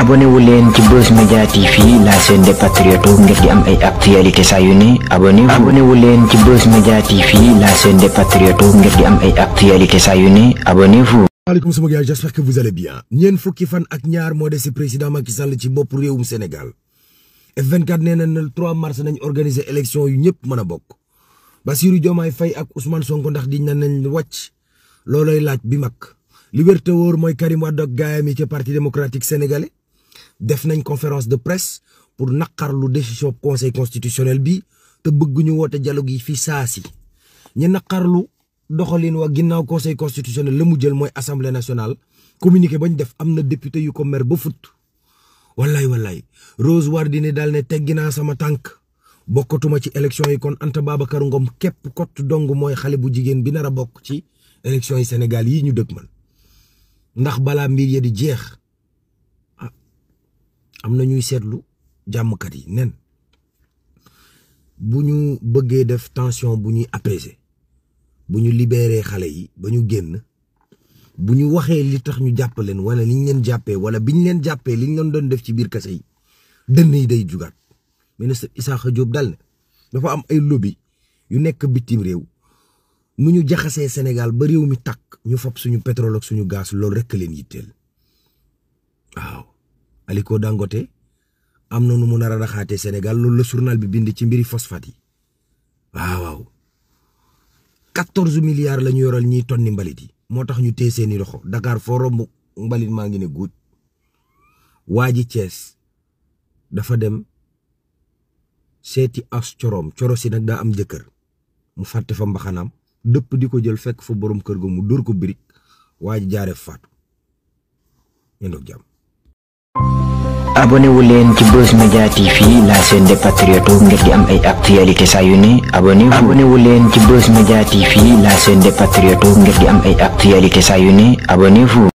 abonné wu leen ci Buzz Media TV la chaîne des patriotes ngir di am ay actualité saa yu ne abonné leen ci Buzz Media TV la chaîne des patriotes ngir di am ay actualité saa yu ne abonnez-vous. fan ak ñaar moo des si président Macky Sall ci bopp réewum Sénégal F24 nee na le 3 mars nañ organiser élection yu ñëpp mën a bokk Bassirou Diomaye Faye ak Ousmane Sonko ndax di nañ wàcc looloy laaj bi mag liberté wóor mooy Karim Wade ak gaayam yi ca parti démocratique def nañ conférence de presse pour naqarlu décision conseil constitutionnel bi te bëgguñu ñu woote dialogue yi fii saa si ñu naqarlu doxalin waa ginnaaw conseil constitutionnel la mu jël mooy assemblée nationale ba ñu def am na député yu ko mer ba fut wallaay wallaay Rose Wardini daal ne teggi naa sama tànk bokkatuma ci élection yi kon Anta Babacar Ngom képp kott dong mooy xale bu jigéen bi nar a bokk ci élection yi Sénégal yi ñu dëgmal ndax balaa mbir di jeex am na ñuy seetlu jàmmkat yi nen bu ñu bëggee def tension bu ñuy apaiser bu ñu libérer xale yi ba ñu génn bu ñu waxee li tax ñu jàpp leen wala liñ leen jàppee wala biñ leen jàppee liñ leen doon def ci biir kase yi dënn yi day jugaat ministre Issakha Diop dal ne dafa am ay lobi yu nekk bitim réew mu ñu jaxasee Sénégal ba réew mi tàkk ñu fab suñu pétrole ak suñu gaz loolu rekk leen yitteel Aliko Dangote am na nu mu nar a raxaatee Sénégal loolu la journal bi bind ci mbiri phosphate yi waaw waaw quatorze milliards la yoral ñiy tonni mbalit yi moo tax ñu téye seeni loxo Dakar foo romb mbalit maa ngi ne guuj waa ji cees dafa dem seeti as coroom coro nag daa am jëkkër mu fàtte fa mbaxanaam dëpp di ko jël fekk fa borom kër ga mu dóor ko birig waa ji jaaree faatu ñendoog jàmm abonné wu leen ci Buzz Media TV la chaîne des patriotes ngir di am ay actualité saa yu ne abonné wu. abonné wu leen ci Buzz Media TV la chaîne des patriotes ngir di am ay actualité saa yu ne abonné wu.